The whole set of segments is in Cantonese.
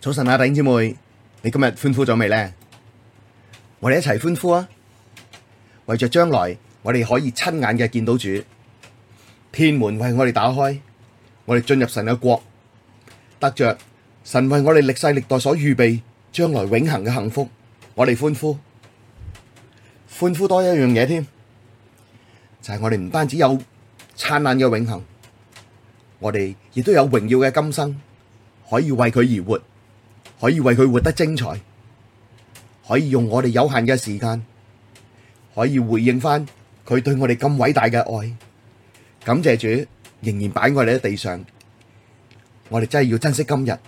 早晨啊，弟兄姊妹，你今日歡呼咗未呢？我哋一齊歡呼啊！為着將來，我哋可以親眼嘅見到主，天門為我哋打開，我哋進入神嘅國，得着神為我哋歷世歷代所預備將來永恒嘅幸福，我哋歡呼，歡呼多一樣嘢添，就係我哋唔單止有燦爛嘅永恒，我哋亦都有榮耀嘅今生，可以為佢而活。可以為佢活得精彩，可以用我哋有限嘅時間，可以回應翻佢對我哋咁偉大嘅愛。感謝主，仍然擺我哋喺地上，我哋真係要珍惜今日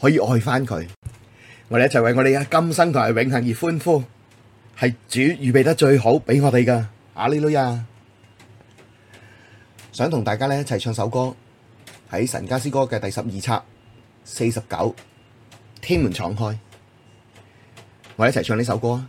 可以愛翻佢。我哋一齊為我哋嘅今生同埋永恆而歡呼，係主預備得最好俾我哋噶。哈利路亞，想同大家咧一齊唱首歌喺神家詩歌嘅第十二冊四十九。天門敞開，我哋一齊唱呢首歌啊！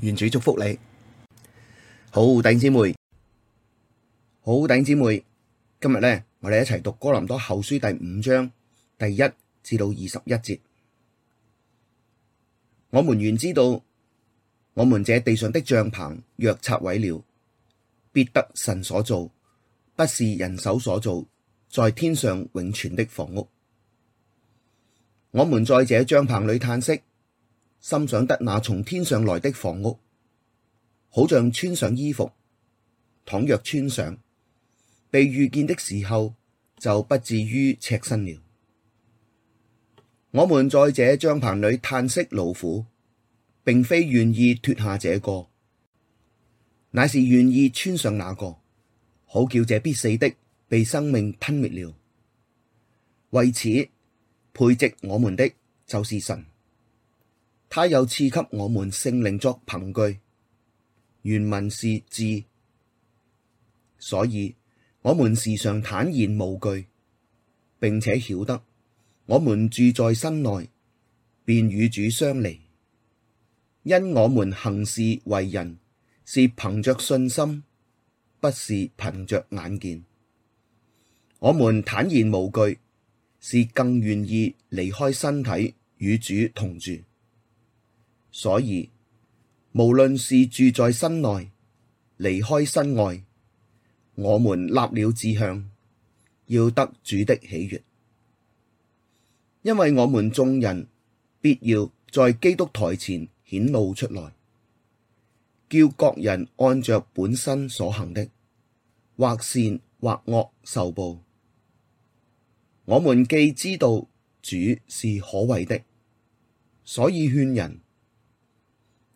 願主祝福你，好弟兄姊妹，好弟兄姊妹，今日呢，我哋一齊讀哥林多後書第五章第一至到二十一節。我們原知道，我們這地上的帳棚若拆毀了，必得神所造，不是人手所造，在天上永存的房屋。我們在這，這帳棚裡嘆息。心想得那從天上來的房屋，好像穿上衣服。倘若穿上，被遇見的時候就不至於赤身了。我們在這帳篷裡歎息勞苦，並非願意脫下這個，乃是願意穿上那個。好叫這必死的被生命吞滅了。為此培植我們的就是神。他又賜給我們聖靈作憑據，原文是質，所以我們時常坦然無懼，並且曉得我們住在身內，便與主相離，因我們行事為人是憑着信心，不是憑着眼見。我們坦然無懼，是更願意離開身體與主同住。所以，無論是住在身內，離開身外，我們立了志向，要得主的喜悅。因為我們眾人必要在基督臺前顯露出來，叫各人按著本身所行的，或善或惡受報。我們既知道主是可畏的，所以勸人。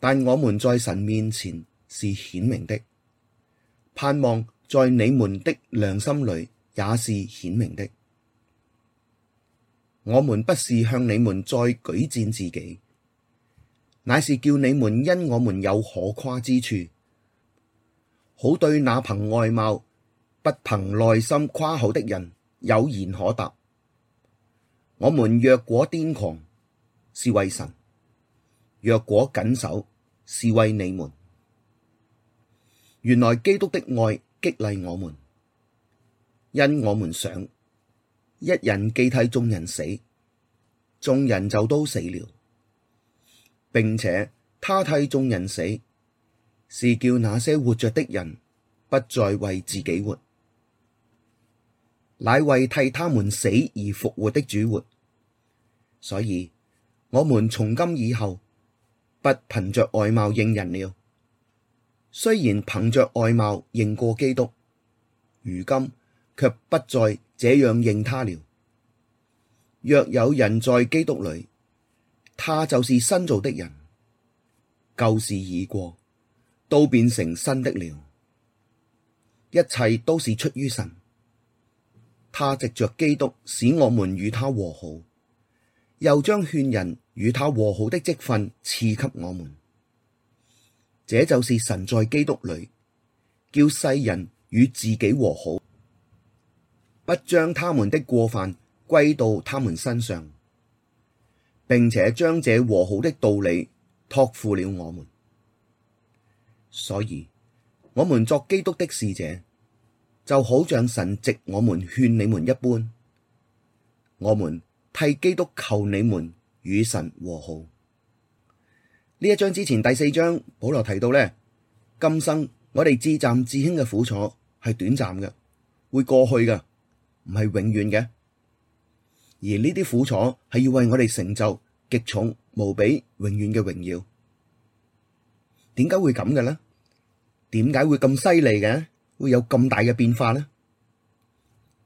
但我們在神面前是顯明的，盼望在你們的良心裡也是顯明的。我們不是向你們再舉薦自己，乃是叫你們因我們有可誇之處，好對那憑外貌不憑內心誇口的人，有言可答。我們若果顛狂，是為神；若果謹守。是為你們，原來基督的愛激勵我們，因我們想一人既替眾人死，眾人就都死了，並且他替眾人死，是叫那些活着的人不再為自己活，乃為替他們死而復活的主活。所以，我們從今以後。不憑着外貌認人了，雖然憑着外貌認過基督，如今卻不再這樣認他了。若有人在基督裏，他就是新造的人，舊事已過，都變成新的了。一切都是出於神，他藉着基督使我們與他和好。又將勸人與他和好的職分賜給我們，這就是神在基督裏，叫世人與自己和好，不將他們的過犯歸到他們身上，並且將這和好的道理託付了我們。所以，我們作基督的使者，就好像神藉我們勸你們一般，我們替基督求你們與神和好。呢一章之前第四章，保羅提到咧，今生我哋至暫至輕嘅苦楚係短暫嘅，會過去嘅，唔係永遠嘅。而呢啲苦楚係要為我哋成就極重無比永遠嘅榮耀。點解會咁嘅咧？點解會咁犀利嘅？會有咁大嘅變化咧？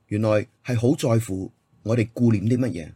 原來係好在乎我哋顧念啲乜嘢。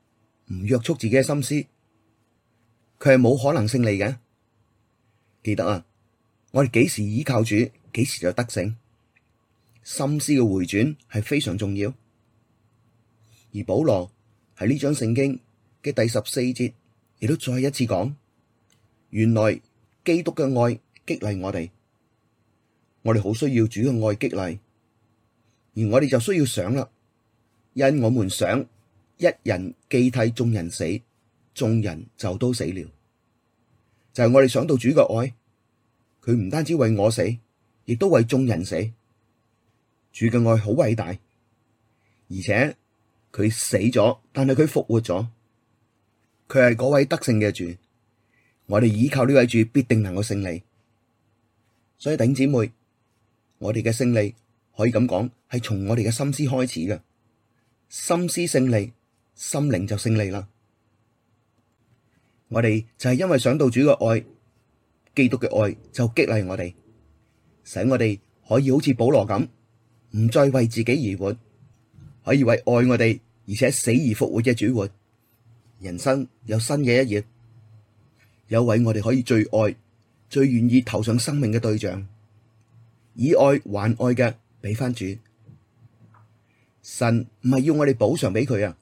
唔約束自己嘅心思，佢係冇可能勝利嘅。記得啊，我哋幾時依靠主，幾時就得勝。心思嘅回轉係非常重要。而保羅喺呢章聖經嘅第十四節，亦都再一次講：原來基督嘅愛激勵我哋，我哋好需要主嘅愛激勵，而我哋就需要想啦，因我們想。一人既替眾人死，眾人就都死了。就係我哋想到主嘅愛，佢唔單止為我死，亦都為眾人死。主嘅愛好偉大，而且佢死咗，但係佢復活咗。佢係嗰位得勝嘅主，我哋倚靠呢位主，必定能夠勝利。所以弟兄姊妹，我哋嘅勝利可以咁講，係從我哋嘅心思開始嘅，心思勝利。心靈就勝利啦！我哋就係因為想到主嘅愛，基督嘅愛就激勵我哋，使我哋可以好似保羅咁，唔再為自己而活，可以為愛我哋而且死而復活嘅主活。人生有新嘅一頁，有位我哋可以最愛、最願意投上生命嘅對象，以愛還愛嘅，俾翻主。神唔係要我哋補償俾佢啊！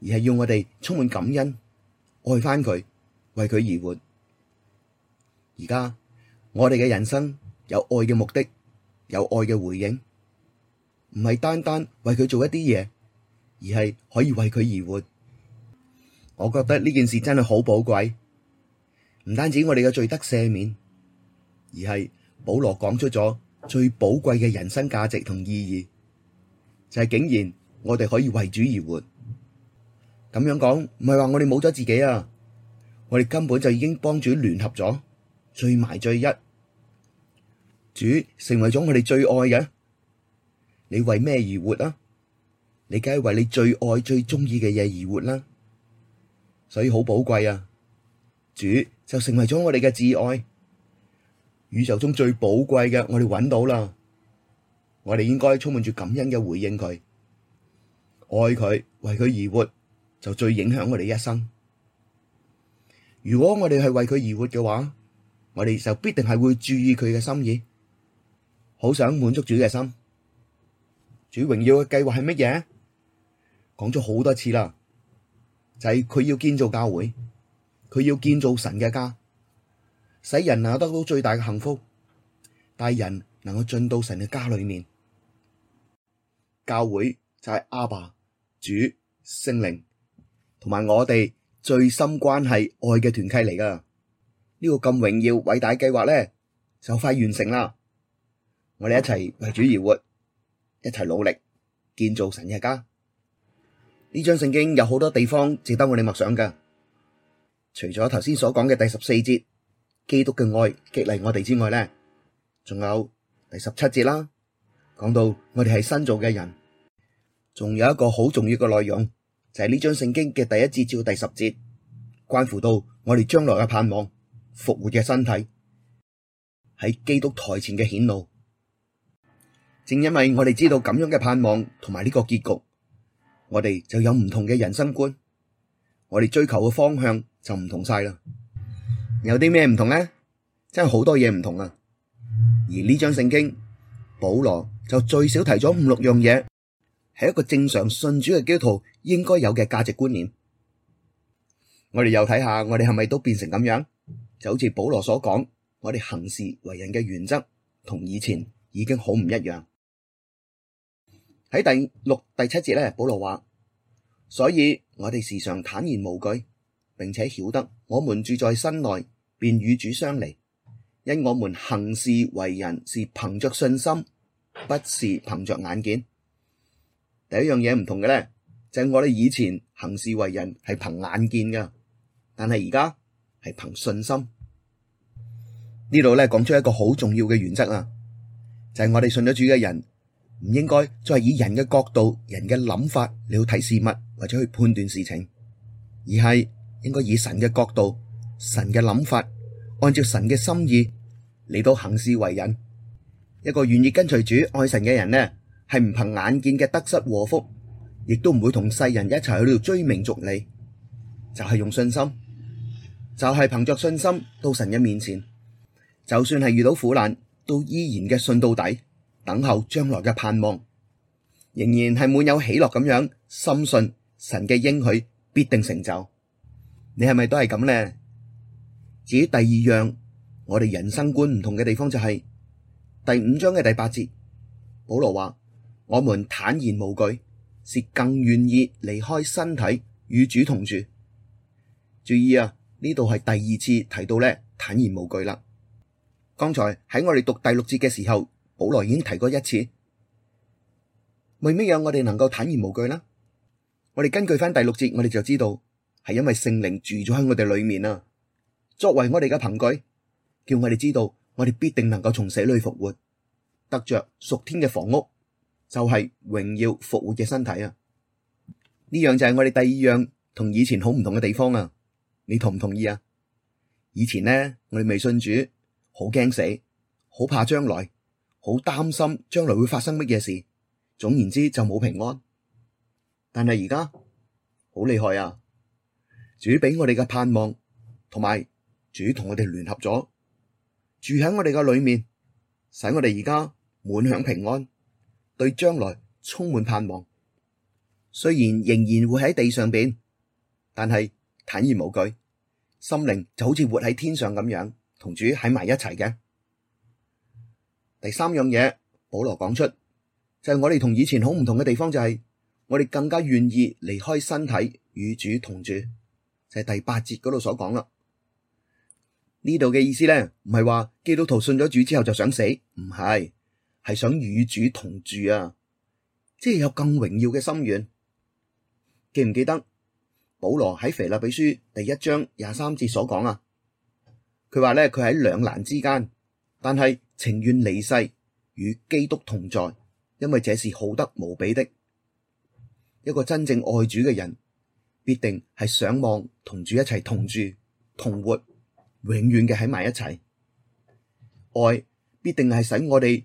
而係要我哋充滿感恩，愛翻佢，為佢而活。而家我哋嘅人生有愛嘅目的，有愛嘅回應，唔係單單為佢做一啲嘢，而係可以為佢而活。我覺得呢件事真係好寶貴，唔單止我哋嘅罪得赦免，而係保羅講出咗最寶貴嘅人生價值同意義，就係、是、竟然我哋可以為主而活。咁樣講唔係話我哋冇咗自己啊，我哋根本就已經幫主聯合咗，最埋最一主成為咗我哋最愛嘅。你為咩而活啊？你梗係為你最愛最中意嘅嘢而活啦，啊，所以好寶貴啊！主就成為咗我哋嘅摯愛，宇宙中最寶貴嘅，我哋揾到啦。我哋應該充滿住感恩嘅回應佢，愛佢，為佢而活。就最影響我哋一生。如果我哋係為佢而活嘅話，我哋就必定係會注意佢嘅心意，好想滿足主嘅心。主榮耀嘅計劃係乜嘢？講咗好多次啦，就係佢要建造教會，佢要建造神嘅家，使人能夠得到最大嘅幸福，帶人能夠進到神嘅家裏面。教會就係阿爸、主、聖靈。同埋我哋最深關係愛嘅團契嚟噶，呢個咁榮耀偉大計劃咧就快完成啦！我哋一齊為主而活，一齊努力建造神嘅家。呢張聖經有好多地方值得我哋默想噶，除咗頭先所講嘅第十四節基督嘅愛激勵我哋之外咧，仲有第十七節啦，講到我哋係新造嘅人，仲有一個好重要嘅內容。就係呢張聖經嘅第一節至第十節，關乎到我哋將來嘅盼望，復活嘅身體喺基督台前嘅顯露。正因為我哋知道咁樣嘅盼望同埋呢個結局，我哋就有唔同嘅人生觀，我哋追求嘅方向就唔同晒啦。有啲咩唔同呢？真係好多嘢唔同啦，啊。而呢張聖經，保羅就最少提咗五六樣嘢。係一個正常信主嘅基督徒應該有嘅價值觀念。我哋又睇下，我哋係咪都變成咁樣？就好似保羅所講，我哋行事為人嘅原則同以前已經好唔一樣。喺第六、第七節咧，保羅話：「所以我哋時常坦然無懼，並且曉得我們住在身內，便與主相離，因我們行事為人是憑着信心，不是憑着眼見。第一樣嘢唔同嘅咧，就係、是、我哋以前行事為人係憑眼見噶，但係而家係憑信心。呢度咧講出一個好重要嘅原則啊，就係、是、我哋信咗主嘅人唔應該再以人嘅角度、人嘅諗法嚟去睇事物或者去判斷事情，而係應該以神嘅角度、神嘅諗法，按照神嘅心意嚟到行事為人。一個願意跟隨主、愛神嘅人咧。係唔憑眼見嘅得失禍福，亦都唔會同世人一齊去度追名逐利，就係用信心，就係憑着信心到神嘅面前，就算係遇到苦難，都依然嘅信到底，等候將來嘅盼望，仍然係滿有喜樂咁樣，深信神嘅應許必定成就。你係咪都係咁咧？至於第二樣，我哋人生觀唔同嘅地方就係第五章嘅第八節，保羅話。我們坦然無懼，是更願意離開身體與主同住。注意啊，呢度係第二次提到咧坦然無懼啦。剛才喺我哋讀第六節嘅時候，保羅已經提過一次。為咩有我哋能夠坦然無懼呢？我哋根據翻第六節，我哋就知道係因為聖靈住咗喺我哋裏面啊，作為我哋嘅憑據，叫我哋知道我哋必定能夠從死裏復活，得着屬天嘅房屋。就係榮耀復活嘅身體啊！呢樣就係我哋第二樣同以前好唔同嘅地方啊。你同唔同意啊？以前呢，我哋未信主，好驚死，好怕將來，好擔心將來會發生乜嘢事。總言之，就冇平安。但係而家好厲害啊！主俾我哋嘅盼望，同埋主同我哋聯合咗，住喺我哋嘅裏面，使我哋而家滿享平安。對將來充滿盼望，雖然仍然會喺地上邊，但係坦然無懼，心靈就好似活喺天上咁樣，同主喺埋一齊嘅。第三樣嘢，保羅講出就係我哋同以前好唔同嘅地方，就係我哋更加願意離開身體與主同住，就係第八節嗰度所講啦。呢度嘅意思咧，唔係話基督徒信咗主之後就想死，唔係。係想與主同住啊！即係有更榮耀嘅心願，記唔記得保羅喺腓立比書第一章廿三節所講啊？佢話咧，佢喺兩難之間，但係情願離世與基督同在，因為這是好得無比的。一個真正愛主嘅人，必定係想望同住一齊同住同活，永遠嘅喺埋一齊。愛必定係使我哋。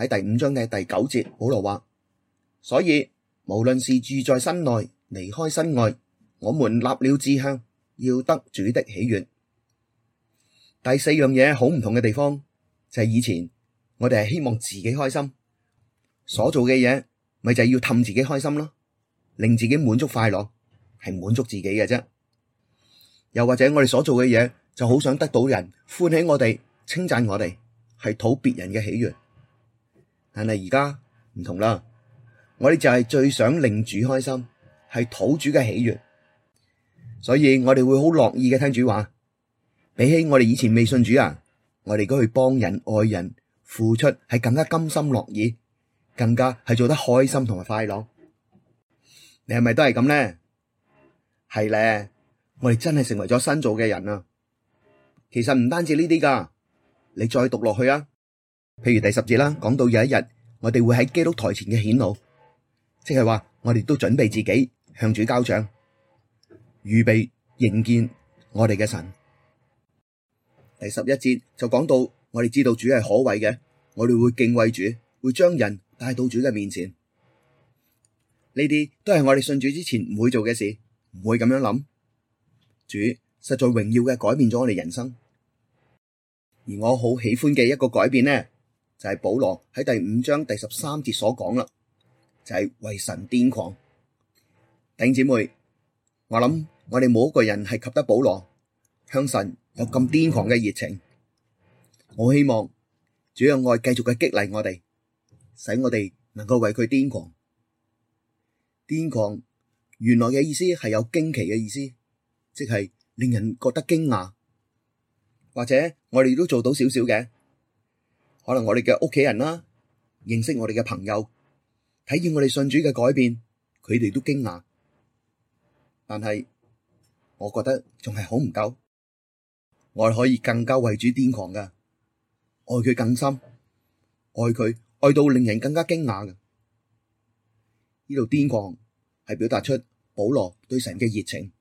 喺第五章嘅第九節，保羅話：所以無論是住在身內，離開身外，我們立了志向，要得主的喜悅。第四樣嘢好唔同嘅地方就係以前我哋係希望自己開心，所做嘅嘢咪就係要氹自己開心咯，令自己滿足快樂係滿足自己嘅啫。又或者我哋所做嘅嘢就好想得到人歡喜我哋，稱讚我哋，係討別人嘅喜悅。但係而家唔同啦，我哋就係最想令主開心，係土主嘅喜悅，所以我哋會好樂意嘅聽主話。比起我哋以前未信主啊，我哋嗰去幫人、愛人、付出係更加甘心樂意，更加係做得開心同埋快樂。你係咪都係咁咧？係咧，我哋真係成為咗新造嘅人啊！其實唔單止呢啲噶，你再讀落去啊！譬如第十節啦，講到有一日我哋會喺基督台前嘅顯露，即係話我哋都準備自己向主交賬，預備迎見我哋嘅神。第十一節就講到我哋知道主係可畏嘅，我哋會敬畏主，會將人帶到主嘅面前。呢啲都係我哋信主之前唔會做嘅事，唔會咁樣諗。主實在榮耀嘅改變咗我哋人生，而我好喜歡嘅一個改變呢？就係保羅喺第五章第十三節所講啦，就係為神癲狂。弟姊妹，我諗我哋冇一個人係及得保羅向神有咁癲狂嘅熱情。我希望主嘅愛繼續嘅激勵我哋，使我哋能夠為佢癲狂。癲狂原來嘅意思係有驚奇嘅意思，即係令人覺得驚訝，或者我哋都做到少少嘅。可能我哋嘅屋企人啦、啊，認識我哋嘅朋友，睇見我哋信主嘅改變，佢哋都驚訝。但係我覺得仲係好唔夠，我可以更加為主癲狂噶，愛佢更深，愛佢愛到令人更加驚訝噶。呢度癲狂係表達出保羅對神嘅熱情，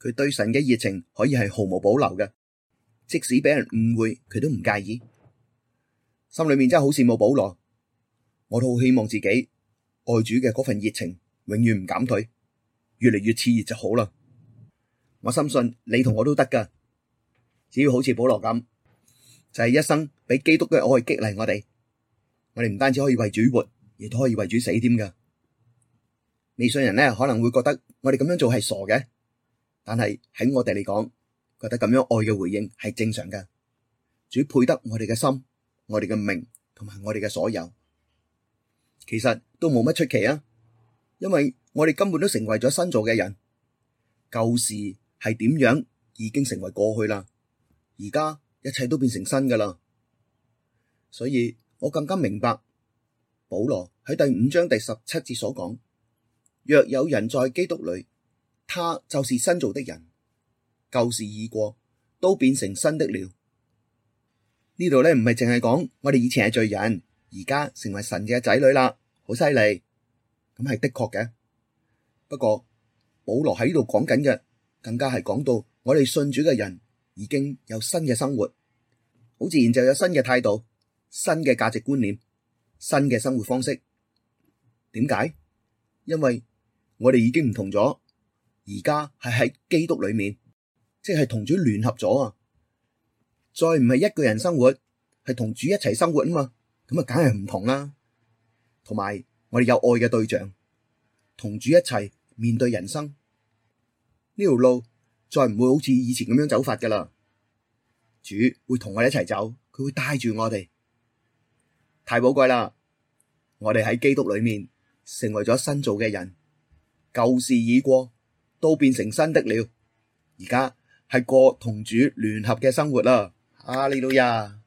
佢對神嘅熱情可以係毫無保留嘅，即使俾人誤會，佢都唔介意。心裏面真係好羨慕保羅，我好希望自己愛主嘅嗰份熱情永遠唔減退，越嚟越熾熱就好啦。我深信你同我都得噶，只要好似保羅咁，就係一生俾基督嘅愛激勵我哋，我哋唔單止可以為主活，亦都可以為主死添噶。未信人咧可能會覺得我哋咁樣做係傻嘅，但係喺我哋嚟講，覺得咁樣愛嘅回應係正常噶，主配得我哋嘅心。我哋嘅命同埋我哋嘅所有，其實都冇乜出奇啊！因為我哋根本都成為咗新造嘅人，舊事係點樣已經成為過去啦，而家一切都變成新㗎啦。所以我更加明白保羅喺第五章第十七節所講：若有人在基督裡，他就是新造的人，舊事已過，都變成新的了。呢度咧唔係淨係講我哋以前係罪人，而家成為神嘅仔女啦，好犀利。咁係的確嘅。不過保羅喺呢度講緊嘅，更加係講到我哋信主嘅人已經有新嘅生活，好自然就有新嘅態度、新嘅價值觀念、新嘅生活方式。點解？因為我哋已經唔同咗，而家係喺基督裏面，即係同主聯合咗啊！再唔係一個人生活，係同主一齊生活啊嘛，咁啊梗係唔同啦。同埋我哋有愛嘅對象，同主一齊面對人生呢條路，再唔會好似以前咁樣走法噶啦。主會同我哋一齊走，佢會帶住我哋，太寶貴啦！我哋喺基督裡面成為咗新造嘅人，舊事已過，都變成新的了。而家係過同主聯合嘅生活啦。啊！李老呀，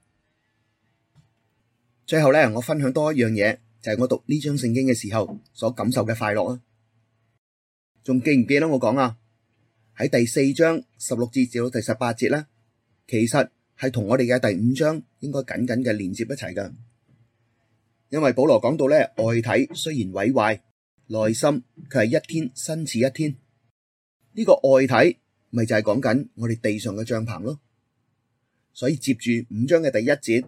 最後咧，我分享多一樣嘢，就係我讀呢章聖經嘅時候所感受嘅快樂啊！仲記唔記得我講啊？喺第四章十六節至到第十八節啦，其實係同我哋嘅第五章應該緊緊嘅連接一齊噶，因為保羅講到咧，外體雖然毀壞，內心卻係一天新似一天，呢個外體咪就係講緊我哋地上嘅帳篷咯。所以接住五章嘅第一節，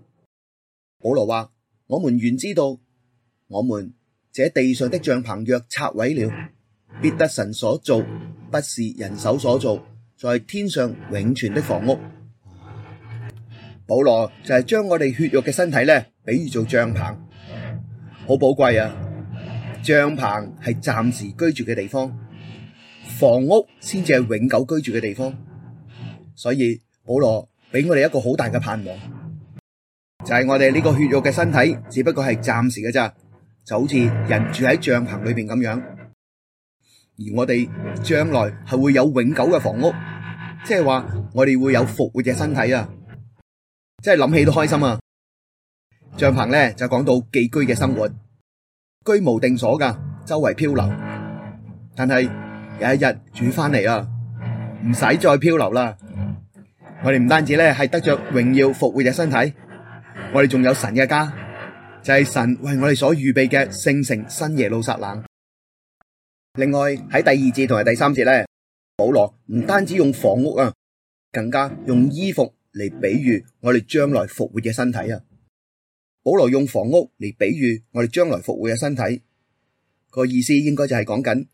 保羅話：我們原知道，我們這地上的帳篷若拆毀了，必得神所造，不是人手所造，在天上永存的房屋。保羅就係將我哋血肉嘅身體咧，比喻做帳篷，好寶貴啊！帳篷係暫時居住嘅地方，房屋先至係永久居住嘅地方。所以保羅，俾我哋一個好大嘅盼望，就係我哋呢個血肉嘅身體，只不過係暫時嘅咋，就好似人住喺帳篷裏面咁樣，而我哋將來係會有永久嘅房屋，即係話我哋會有復活嘅身體啊！即係諗起都開心啊！帳篷呢就講到寄居嘅生活，居無定所噶，周圍漂流，但係有一日住翻嚟啊，唔使再漂流啦。我哋唔單止咧，係得着榮耀復活嘅身體，我哋仲有神嘅家，就係、是、神為我哋所預備嘅聖城新耶路撒冷。另外喺第二節同埋第三節咧，保羅唔單止用房屋啊，更加用衣服嚟比喻我哋將來復活嘅身體啊。保羅用房屋嚟比喻我哋將來復活嘅身體，這個意思，應該就係講緊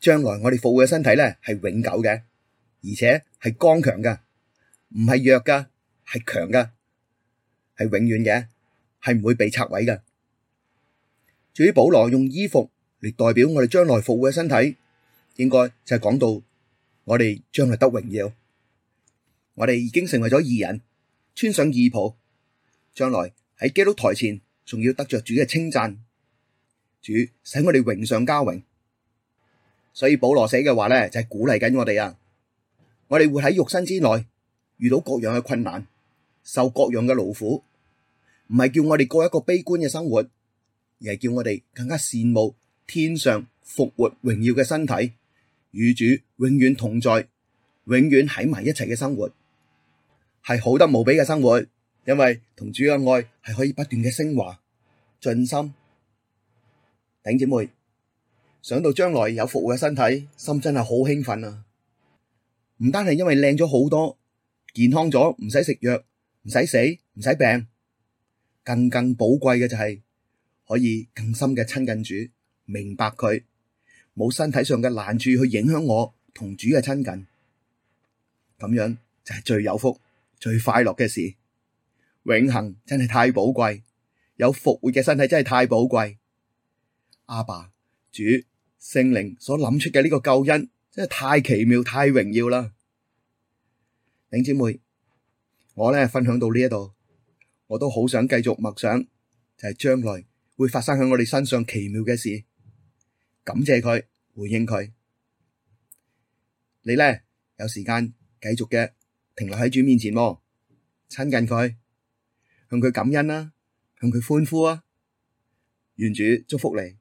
將來我哋復活嘅身體咧係永久嘅，而且係剛強嘅。唔係弱噶係強噶係永遠嘅，係唔會被拆毀噶至於保羅用衣服嚟代表我哋將來復活嘅身體，應該就係講到我哋將來得榮耀，我哋已經成為咗義人，穿上義袍，將來喺基督台前仲要得着主嘅稱讚，主使我哋榮上加榮。所以保羅寫嘅話咧，就係、是、鼓勵緊我哋啊，我哋活喺肉身之內遇到各樣嘅困難，受各樣嘅勞苦，唔係叫我哋過一個悲觀嘅生活，而係叫我哋更加羨慕天上復活榮耀嘅身體，與主永遠同在，永遠喺埋一齊嘅生活，係好得無比嘅生活，因為同主嘅愛係可以不斷嘅升華，盡心。頂姐妹，想到將來有復活嘅身體，心真係好興奮啊！唔單係因為靚咗好多。健康咗，唔使食藥，唔使死，唔使病。更更寶貴嘅就係可以更深嘅親近主，明白佢，冇身體上嘅難處去影響我同主嘅親近。咁樣就係最有福、最快樂嘅事。永恒真係太寶貴，有復活嘅身體真係太寶貴。阿爸，主聖靈所諗出嘅呢個救恩真係太奇妙、太榮耀啦！領姐妹，我呢，分享到呢一度，我都好想繼續默想，就係將來會發生喺我哋身上奇妙嘅事。感謝佢回應佢，你呢，有時間繼續嘅停留喺主面前、哦，親近佢，向佢感恩啦、啊，向佢歡呼啊，願主祝福你。